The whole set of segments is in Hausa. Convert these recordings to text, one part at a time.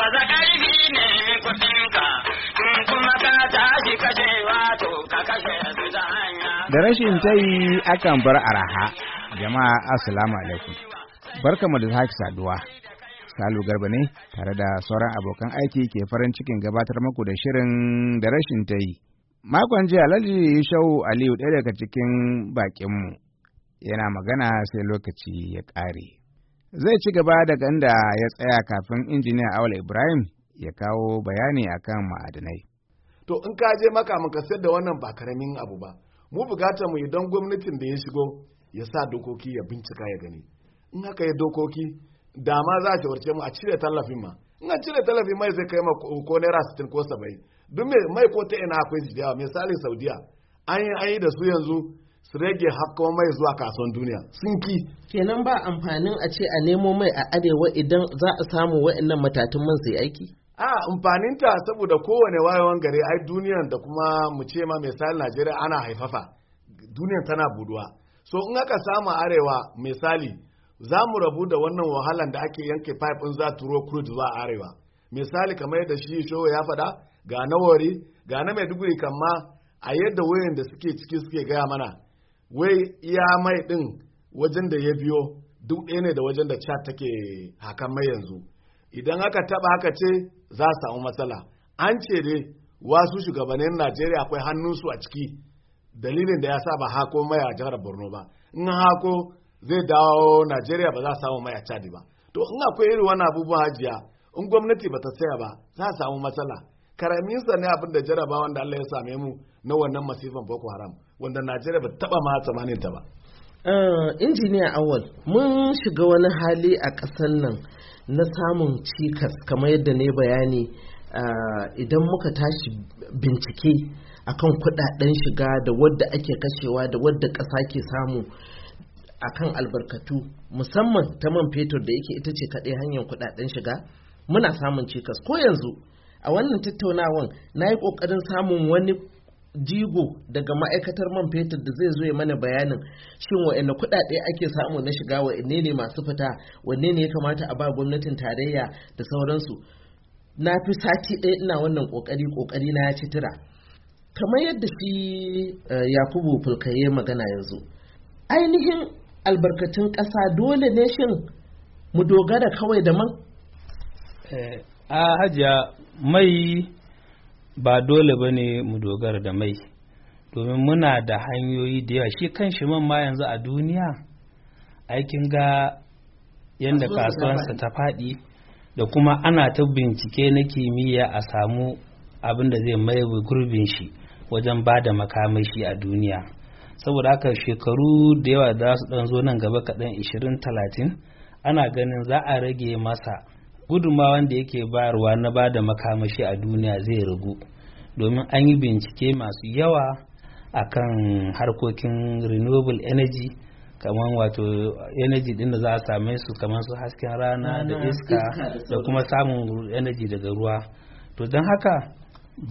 baza ƙarfi ne kuɗinka, in tashi ka je ka kashe su ta hanya. Da rashin ta yi akan bar araha, jama'a assalamu alaikum. Barkamu da sake saduwa. Salu Garba ne tare da sauran abokan aiki ke farin cikin gabatar muku da shirin da rashin ta yi. Makon jiya Alhaji Shau Aliyu ɗaya daga cikin bakinmu yana magana sai lokaci ya ƙare. zai ci gaba daga inda ya tsaya kafin injiniya Awal Ibrahim ya kawo bayani akan ma'adinai. To in ka je maka muka sayar da wannan ba karamin abu ba. Mu bugata mu idan gwamnatin da ya shigo ya sa dokoki ya bincika ya gani. In haka ya dokoki da ma za a shawarce mu a cire tallafin ma. In a cire tallafin mai zai kai ma ko naira sitin ko saba'in. Duk mai ko ta ina akwai jidawa misali Saudiya an yi da su yanzu su rage haƙƙo mai zuwa kasuwan duniya sun ki kenan ba amfanin a ce a nemo mai a arewa idan za a samu wa'annan matatun man sai aiki a amfaninta saboda kowane wayewan gari ai duniyan da kuma mu ce ma misali najeriya ana haifafa duniyan tana buduwa so in aka samu arewa misali za mu rabu da wannan wahalan da ake yanke pipe in za turo crude zuwa arewa misali kamar yadda shi showa ya faɗa ga nawari ga na maiduguri kamma a yadda wayan da suke ciki suke gaya mana wai iya mai ɗin wajen da ya biyo duk ɗaya ne da wajen da chat take hakan mai yanzu idan aka taɓa haka ce za su samu matsala an ce dai wasu shugabannin najeriya akwai hannunsu a ciki dalilin da ya sa ba hako mai a jihar borno ba in hako zai dawo najeriya ba za su samu mai a chad ba to in akwai irin wani abubuwan hajiya in gwamnati ba ta saya ba za su samu matsala karaminsa ne abin da jarabawan da Allah ya same mu na wannan masifan Boko Haram wanda najeriya ba taba ma tsamanin ta ba eh, injiniya awal mun shiga wani hali a ƙasar nan na samun cikas kamar yadda ne bayani eh, idan muka tashi bincike akan kuɗaɗen shiga da wadda ake kashewa da wadda ƙasa ke samu akan albarkatu musamman ta man fetur da yake ita ce kaɗai hanyar kuɗaɗen shiga muna samun cikas ko yanzu a wannan tattaunawan na yi ƙoƙarin samun wani jigo daga ma'aikatar man fetur da zai zo ya mana bayanin shin wa'anne kuɗaɗe ake samu na shiga wa'anne ne masu fita wanne ne ya kamata a ba gwamnatin tarayya da sauransu na fi sati ɗaya ina wannan ƙoƙari ƙoƙari na ya ci tira kamar yadda shi eh, yakubu fulkaye magana yanzu ainihin albarkatun ƙasa dole ne shin mu dogara kawai da man eh, a hajiya mai ba dole ba ne mu dogara da mai domin muna da hanyoyi da yawa shi kan shi man ma yanzu a duniya aikin ga yadda kasuwansa ta faɗi da kuma ana ta bincike na kimiyya a samu abin da zai mai gurbin shi wajen ba da makamashi a duniya saboda haka shekaru da yawa za su ɗan zo nan gaba kaɗan 20-30 ana ganin za a rage masa Gudunma wanda yake bayarwa na ba da makamashi a duniya zai ragu domin an yi bincike masu yawa akan harkokin renewable energy kamar wato energy din da za a same su kamar su hasken rana da iska da kuma samun energy daga ruwa to don haka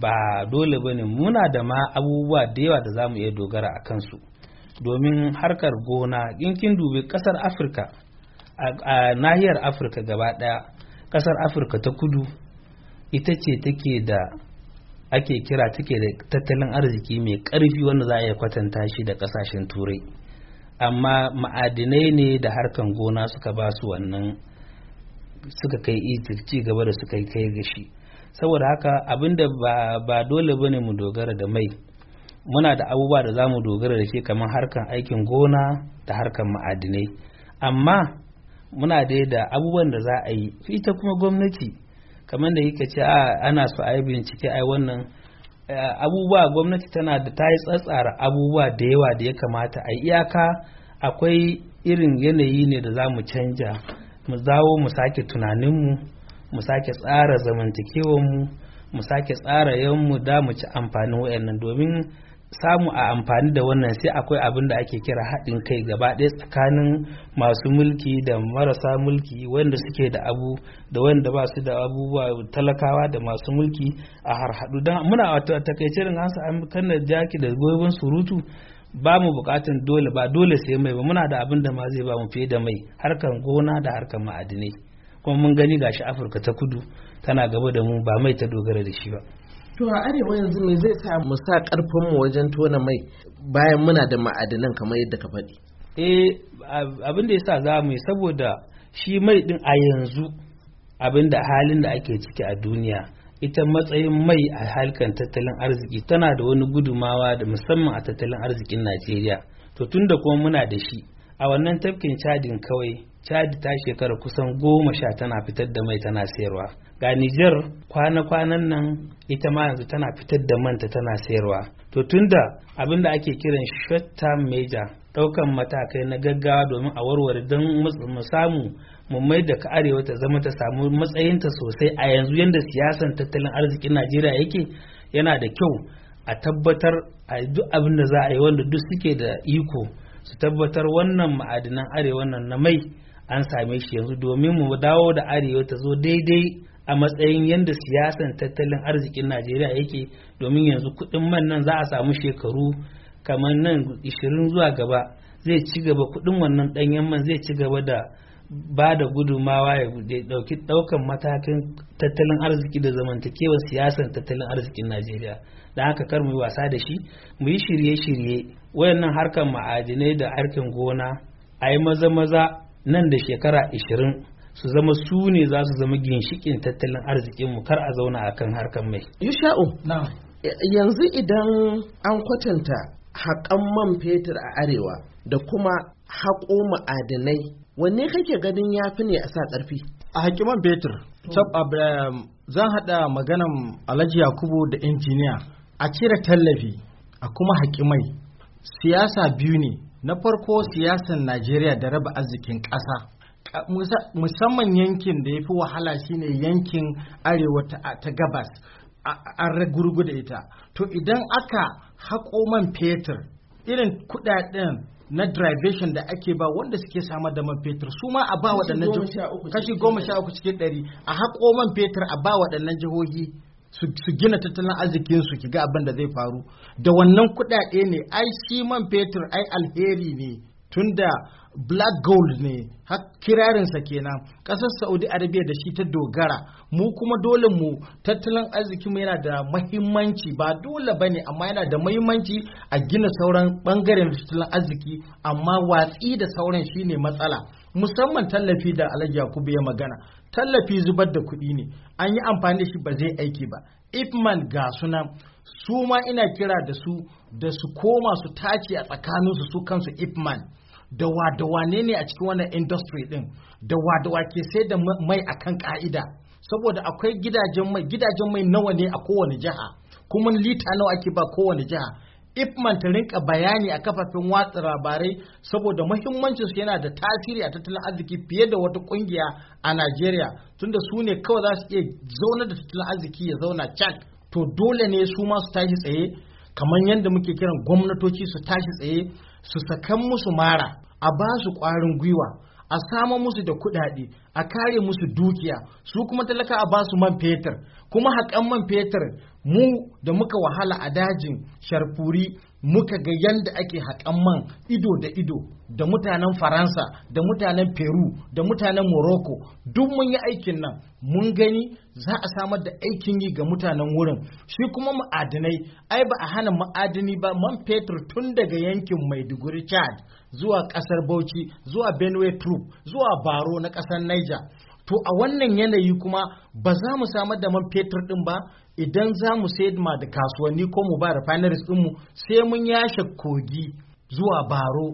ba dole ba ne muna da ma abubuwa da yawa da za mu iya dogara a kansu domin harkar gona in dubi ƙasar afirka a nahiyar afirka gaba ɗaya. ƙasar afirka ta kudu ita ce take da ake kira take da tattalin arziki mai ƙarfi wanda za a iya kwatanta shi da kasashen turai amma ma'adinai ne da harkan gona suka ba su wannan suka kai ci gaba da suka kai ga saboda haka abinda ba, ba dole bane mu dogara da mai muna da abubuwa da za mu dogara da shi kamar harkan aikin gona da harkan ma'adinai amma muna dai da abubuwan da za a yi ita kuma gwamnati kamar da yake ce ana su a yi bincike ai wannan abubuwa gwamnati tana da ta yi tsatsara abubuwa da yawa da ya kamata a iyaka akwai irin yanayi ne da za mu canja mu zawo mu sake tunaninmu mu sake tsara zamantakewanmu mu sake tsara yanmu da mu ci amfanin wayannan domin samu a amfani da wannan sai akwai abin da ake kira haɗin kai gaba ɗaya tsakanin masu mulki da marasa mulki wanda suke da abu da wanda ba su da abubuwa talakawa da masu mulki a harhaɗu don muna a takaice rin hansa an kanna jaki da goyon surutu ba mu bukatan dole ba dole sai mai ba muna da abin da ma zai ba mu fiye da mai harkan gona da harkan ma'adinai kuma mun gani gashi afirka ta kudu tana gaba da mu ba mai ta dogara da shi ba to a arewa yanzu me zai sa mu sa karfin mu wajen tona mai bayan muna da ma'adanan kamar yadda ka faɗi eh abin da yasa za mu saboda shi mai din a yanzu abin da halin da ake ciki a duniya ita matsayin mai a halkan tattalin arziki tana da wani gudumawa da musamman a tattalin arzikin Najeriya to tunda kuma muna da shi a wannan tafkin cadin kawai cadi ta shekara kusan goma sha tana fitar da mai tana sayarwa ga nijar kwana-kwanan nan ita ma yanzu tana fitar da manta tana sayarwa to tunda abinda ake kiran short term major ɗaukan matakai na gaggawa domin a warware don mu samu mu mai da arewa ta zama ta samu matsayinta sosai a yanzu yadda siyasan tattalin arzikin najeriya yake yana da kyau a tabbatar a duk abin da za a yi wanda duk suke da iko su tabbatar wannan ma'adinan arewa nan na mai an same shi yanzu domin mu dawo da arewa ta zo daidai a matsayin yadda siyasan tattalin arzikin najeriya yake domin yanzu kuɗin man nan za a samu shekaru kamar nan 20 zuwa gaba zai ci gaba kuɗin wannan danyen man zai ci gaba da ba da gudunmawa ya dauki ɗaukan matakin tattalin arziki da zamantakewar siyasan tattalin arzikin najeriya da haka kar mu yi wasa da shi mu yi shirye-shirye wayannan harkar ma'adinai da harkin gona a yi maza-maza nan da shekara 20 su zama su ne za su zama ginshikin tattalin arzikinmu kar a zauna a kan harkar mai. Yusha'u, yanzu idan an kwatanta haƙan man fetur a arewa da kuma haƙo ma'adinai wanne kake ganin ya fi ne a sa ƙarfi? A haƙi man fetur, zan haɗa maganan Alhaji Yakubu da injiniya. a cire tallafi a kuma haƙimai siyasa biyu ne na farko siyasar najeriya da raba arzikin ƙasa musamman yankin da ya fi wahala shine yankin arewa ta gabas an da ita to idan aka haƙo man fetur irin kudaden na derivation da ake ba wanda suke samar da man fetur su ma a ba waɗannan jihohi kashi goma sha uku cikin ɗari a haƙo man fetur a ba waɗannan jihohi su gina tattalin arzikin su ga abin da zai faru da wannan kuɗaɗe ne ai shi man fetur ai alheri ne tunda black gold ne har kirarinsa kenan ƙasar saudi arabia da shi ta dogara mu kuma dole mu tattalin arzikinmu yana da mahimmanci ba dole ba ne amma yana da muhimmanci a gina sauran ɓangaren tattalin arziki amma watsi da sauran shi ne matsala musamman tallafi da alhaji yakubu ya magana tallafi zubar da kuɗi ne an yi amfani da shi ba zai aiki ba Ifman ga sunan su ma ina kira da su da su koma su tace a tsakaninsu su kansu Ifman. da wadawa ne ne a cikin wannan industry din da wadawa ke sai da mai akan ka'ida saboda akwai gidajen mai gidajen mai nawa ne a kowane jiha kuma lita nawa ake ba kowane jiha ifman ta rinka bayani a kafafen watsa labarai saboda muhimmancin su yana da tasiri a tattalin arziki fiye da wata kungiya a Najeriya tunda su ne kawai za su iya zauna da tattalin arziki ya zauna cak to dole ne su ma su tashi tsaye kamar yadda muke kiran gwamnatoci su tashi tsaye su sakan musu mara a ba su ƙwarin gwiwa a samo musu da kuɗaɗe a kare musu dukiya su kuma talaka a ba su man fetur kuma haƙan man fetur mu da muka wahala a dajin sharfuri muka ga yadda ake haƙan man ido da ido da mutanen faransa da mutanen peru da mutanen morocco duk mun yi aikin nan mun gani za a samar da aikin yi ga mutanen wurin shi kuma ma'adinai ai ba a hana ma'adini ba man fetur tun daga yankin maiduguri chad zuwa ƙasar bauchi zuwa benue troop zuwa baro na ƙasar niger to a wannan yanayi kuma ba za mu samar da man fetur din ba idan za mu sayar ma da kasuwanni ko mu ba refineries mu sai mun yashe kogi zuwa baro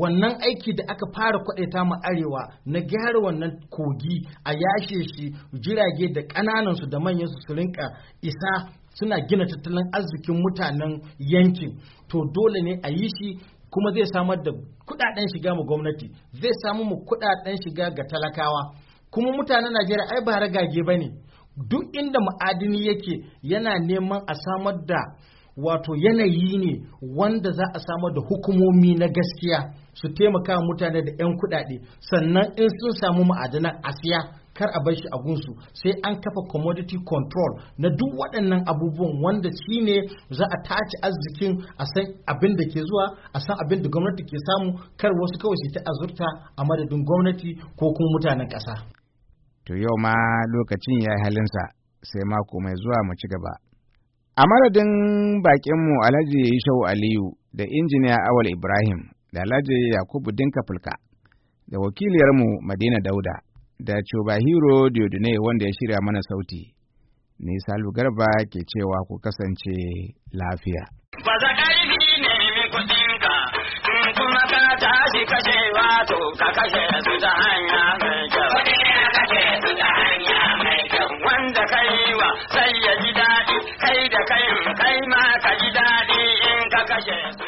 wannan aiki da aka fara kwadaita mu arewa na gyara wannan kogi a yashe shi jirage da ƙananan su da manyan su rinka isa suna gina tattalin arzikin mutanen yankin to dole ne a yi shi kuma zai samar da kudaden shiga mu gwamnati zai samu mu kudaden shiga ga talakawa kuma mutanen najeriya ai ba ragage ba ne duk inda ma'adini yake yana neman a samar da wato yanayi ne wanda za a samar da hukumomi na gaskiya su taimaka mutane da 'yan kuɗaɗe sannan in sun samu ma'adanan asiya kar a bar shi a gunsu sai an kafa commodity control na duk waɗannan abubuwan wanda shi ne za a tace arzikin a san abin da ke zuwa a san abin da gwamnati ke samu kar wasu kawai su ta azurta a madadin gwamnati ko kuma mutanen ƙasa. to yau ma lokacin ya yi halinsa sai mako mai zuwa mu ci gaba. A madadin bakinmu Alhaji Yishau Aliyu da injiniya Awal Ibrahim da Alhaji Yakubu Dinka Fulka da wakiliyarmu Madina Dauda da Chubahiro Diodune wanda ya shirya mana sauti. Ni Salu Garba ke cewa ku kasance lafiya. Ba za ne kuɗinka, kuma ka tashi kashe wato ka kashe su ta hanya mai kyau. da kai wa sai ya ji daɗi kai da kai kai ma ka ji daɗi in ka kashe su.